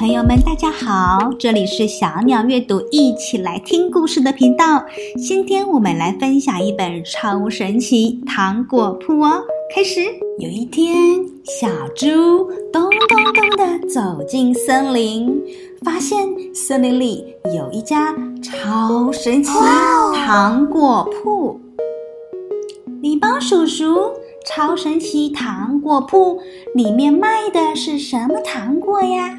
朋友們，大家好！這裡是小鳥閱讀，一起來聽故事的頻道。今天我們來分享一本超神奇糖果鋪哦。開始。有一天，小豬咚咚咚咚地走進森林，發現森林裡有一家超神奇糖果鋪。Wow! 糖果鋪。你幫叔叔，超神奇糖果鋪裡面賣的是什麼糖果呀？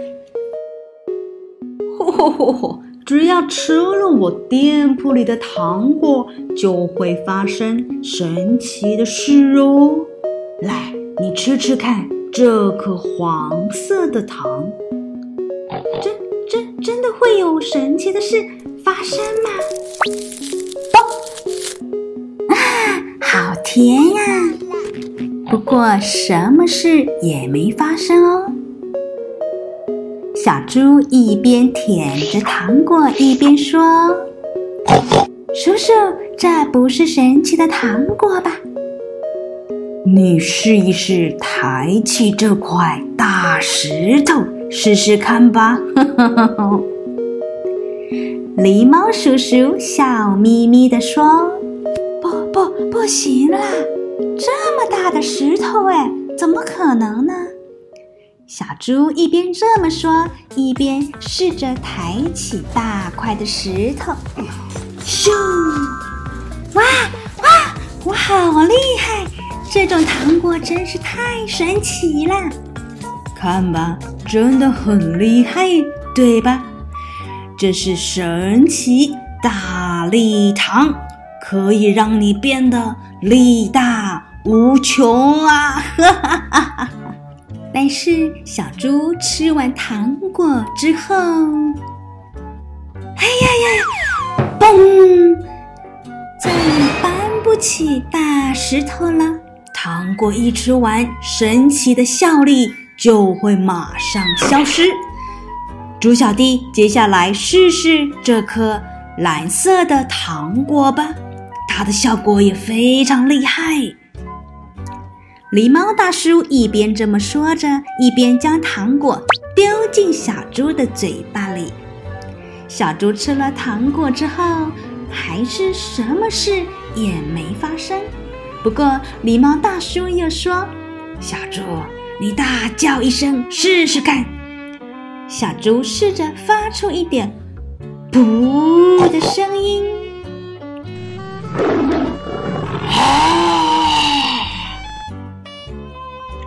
哦吼吼吼！只要吃了我店鋪裡的糖果，就會發生神奇的事哦。來，你吃吃看，這顆黃色的糖，真真真的會有神奇的事發生嗎？啊，好甜呀！啊，不過什麼事也沒發生哦。小豬一邊舔着糖果，一邊說：“叔叔，這不是神奇的糖果吧？你試一試抬起這塊大石頭，試試看吧。 ”狸貓叔叔笑眯眯的說：“不不不行啦，這麼大的石頭，哎，怎麼可能呢？”小豬一邊這麼說，一邊試着抬起大塊的石頭。呃、咻！哇哇！我好厲害！這種糖果真是太神奇了。看吧，真的很厲害，對吧？這是神奇大力糖，可以讓你變得力大無窮啊！哈哈哈。但是小豬吃完糖果之後，哎呀呀，嘣！再也搬不起大石頭了。糖果一吃完，神奇的效力就會馬上消失。豬小弟，接下來試試這顆藍色的糖果吧，它的效果也非常厲害。狸貓大叔一邊這麼說着，一邊將糖果丟進小豬的嘴巴裡。小豬吃了糖果之後，還是什麼事也沒發生。不過，狸貓大叔又說：“小豬，你大叫一聲試試看。”小豬試着發出一點“噗”的聲音。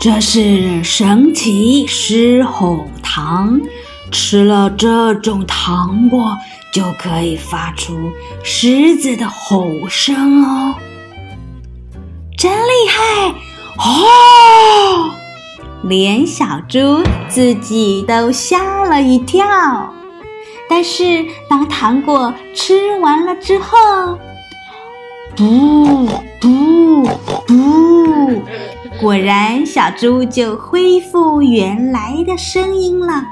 這是神奇獅吼糖，吃了這種糖果就可以發出獅子的吼聲哦，真厲害！吼！連小豬自己都嚇了一跳。但是當糖果吃完了之後，不不不！果然，小豬就恢復原來的聲音了。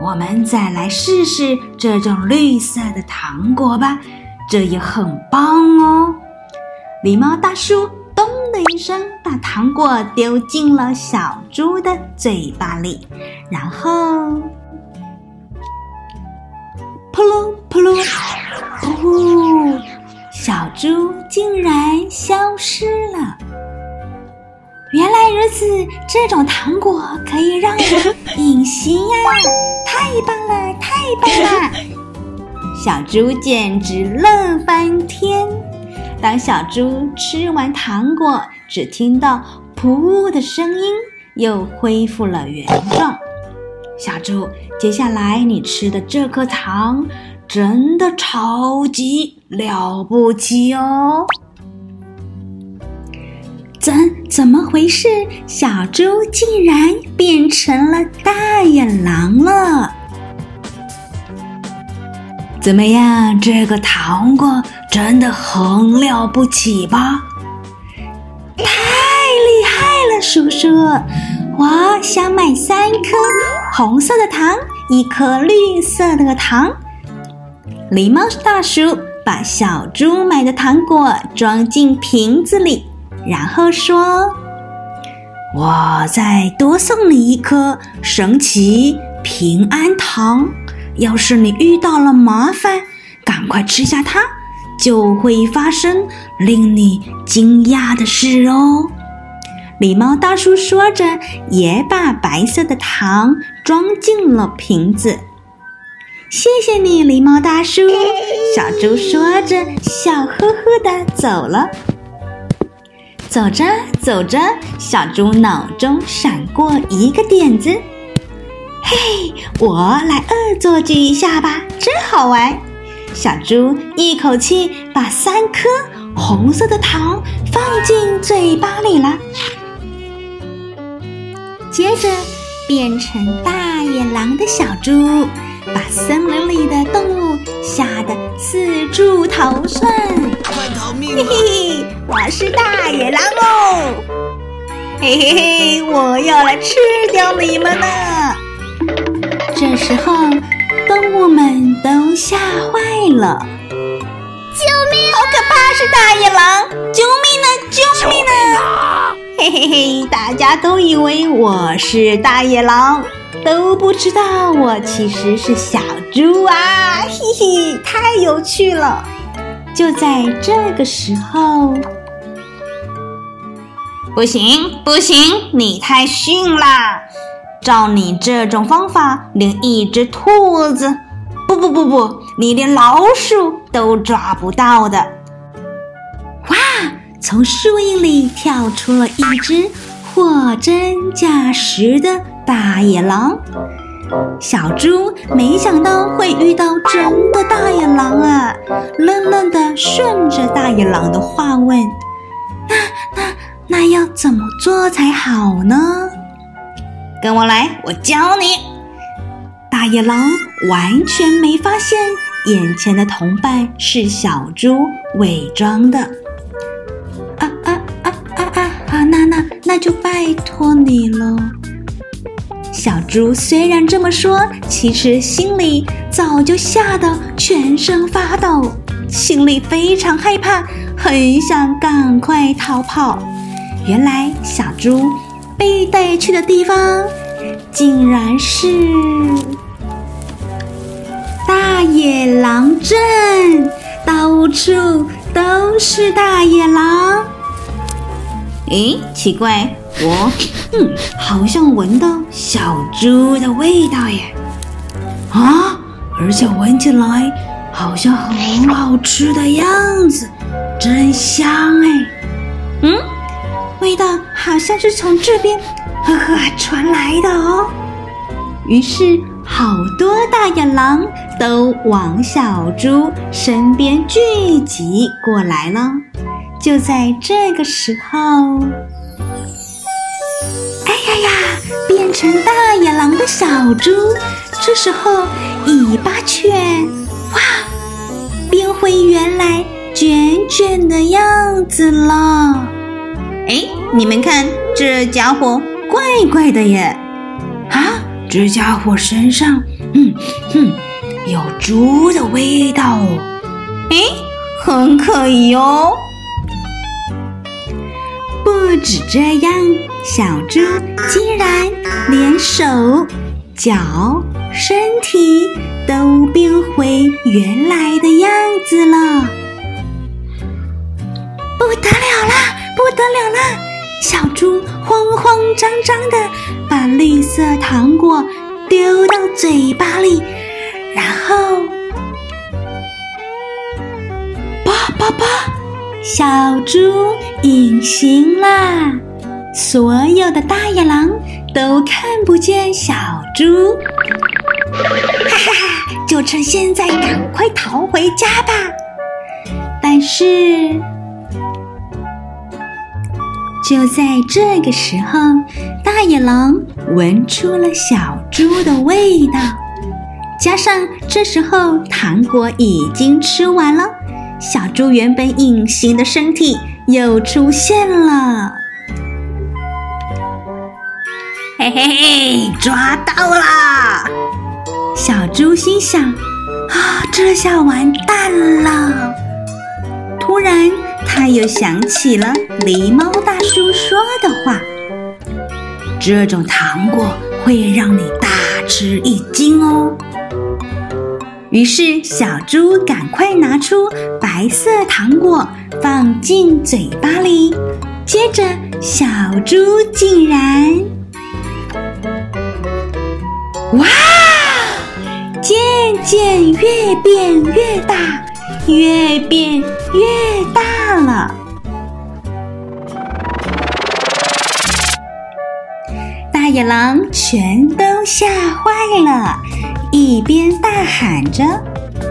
我們再來試試這種綠色的糖果吧，這也很棒哦。狸貓大叔“咚”的一聲，把糖果丟進了小豬的嘴巴裡，然後“噗嚕噗嚕”，呼呼，小豬竟然消失了。原來如此，這種糖果可以讓人隱形呀！啊！太棒了，太棒了！小豬簡直樂翻天。當小豬吃完糖果，只聽到“噗”的聲音，又恢復了原狀。小豬，接下來你吃的這顆糖真的超級了不起哦！怎怎麼回事？小豬竟然變成了大野狼了！怎麼樣，這個糖果真的很了不起吧？太厲害了，叔叔！我想買三顆紅色的糖，一顆綠色的糖。狸貓大叔把小豬買的糖果裝進瓶子裡。然後說：“我再多送你一顆神奇平安糖，要是你遇到了麻煩，趕快吃下它，就會發生令你驚訝的事哦。”狸貓大叔說着，也把白色的糖裝進了瓶子。“謝謝你，狸貓大叔。”小豬說着，笑呵呵的走了。走着走着，小豬腦中閃過一個點子，嘿，我來惡作劇一下吧，真好玩！小豬一口氣把三顆紅色的糖放進嘴巴裡了，接着變成大野狼的小豬，把森林裡的動物。嚇得四處逃竄，快逃命了，嘿嘿嘿，我是大野狼哦，嘿嘿嘿，我要來吃掉你們了。這時候，動物們都嚇壞了。救命啊！好可怕，是大野狼！救命呢！救命呢！嘿嘿嘿，hey, hey, hey, 大家都以為我是大野狼，都不知道我其實是小豬啊！嘿嘿，太有趣了。就在這個時候，不行不行，你太遜啦！照你這種方法，連一隻兔子，不不不不，你連老鼠。都抓不到的！哇，從樹蔭裡跳出了一隻貨真價實的大野狼。小豬沒想到會遇到真的大野狼啊，愣愣的順着大野狼的話問：“那、那、那要怎麼做才好呢？”跟我來，我教你。大野狼完全沒發現。眼前的同伴是小豬偽裝的，啊啊啊啊啊！啊，那那那就拜託你了。小豬雖然這麼說，其實心裡早就嚇得全身發抖，心裡非常害怕，很想趕快逃跑。原來小豬被帶去的地方，竟然是……野狼鎮到處都是大野狼。誒，奇怪，我嗯，好像聞到小豬的味道耶！啊，而且聞起來好像很好吃的樣子，真香哎！嗯，味道好像是從這邊呵呵傳來的哦。於是，好多大野狼。都往小豬身邊聚集過來了。就在這個時候，哎呀呀！變成大野狼的小豬，這時候尾巴卷，哇，變回原來卷卷的樣子了。哎，你們看這家伙怪怪的耶！啊，這家伙身上，嗯哼。嗯有豬的味道，哎，很可疑哦！不止這樣，小豬竟然連手腳、身體都變回原來的樣子了！不得了啦，不得了啦！小豬慌慌張張的把綠色糖果丟到嘴巴裡。然後，叭叭叭，小豬隱形啦！所有的大野狼都看不見小豬，哈哈哈！就趁現在，趕快逃回家吧！但是，就在這個時候，大野狼聞出了小豬的味道。加上這時候糖果已經吃完了，小豬原本隱形的身體又出現了。嘿嘿嘿，抓到啦！小豬心想：啊，這下完蛋了。突然，他又想起了狸貓大叔說的話：“這種糖果會讓你大吃一驚哦。”於是，小豬趕快拿出白色糖果，放進嘴巴裡。接着，小豬竟然，哇，漸漸越變越大，越變越大了。大野狼全都嚇壞了，一邊大喊着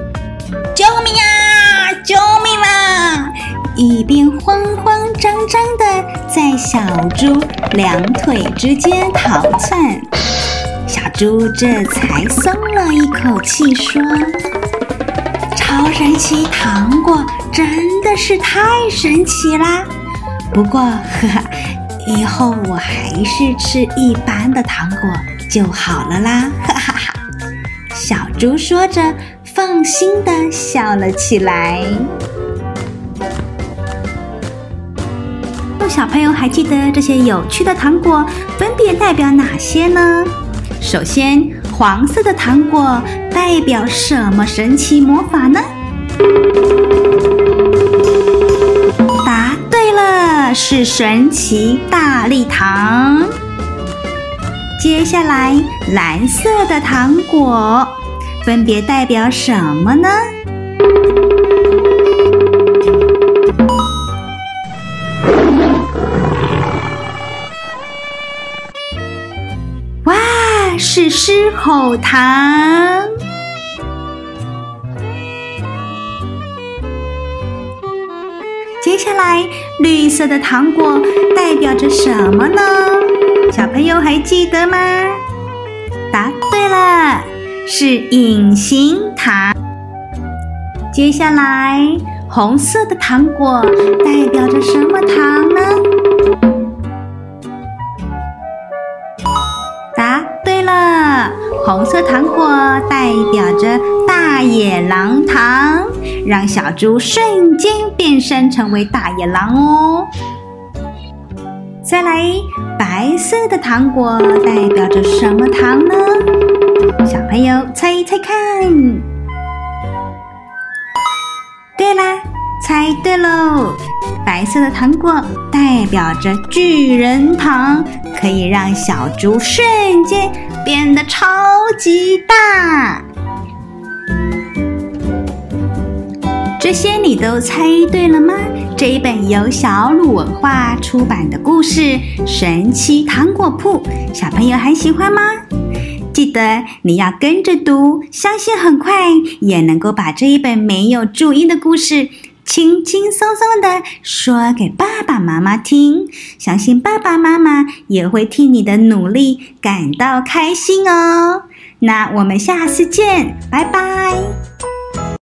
“救命啊，救命啊！”一邊慌慌張張地在小豬兩腿之間逃竄。小豬這才鬆了一口氣，說：“超神奇糖果真的是太神奇啦！不過，呵呵。”以後我還是吃一般的糖果就好了啦！哈哈哈。小豬說着，放心地笑了起來。那小朋友還記得這些有趣的糖果分別代表哪些呢？首先，黃色的糖果代表什麼神奇魔法呢？了，是神奇大力糖。接下來，藍色的糖果分別代表什麼呢？哇，是獅吼糖。接下來，綠色的糖果代表着什麼呢？小朋友還記得嗎？答對了，是隱形糖。接下來，紅色的糖果代表着什麼糖呢？答對了，紅色糖果代表着。大野狼糖讓小豬瞬間變身成為大野狼哦！再來，白色的糖果代表着什麼糖呢？小朋友猜一猜看。對啦，猜對咯！白色的糖果代表着巨人糖，可以讓小豬瞬間變得超級大。這些你都猜對了嗎？這一本由小魯文化出版的故事《神奇糖果鋪》，小朋友還喜歡嗎？記得你要跟着讀，相信很快也能夠把這一本沒有注音的故事輕輕鬆鬆地說給爸爸媽媽聽。相信爸爸媽媽也會替你的努力感到開心哦。那我們下次見，拜拜。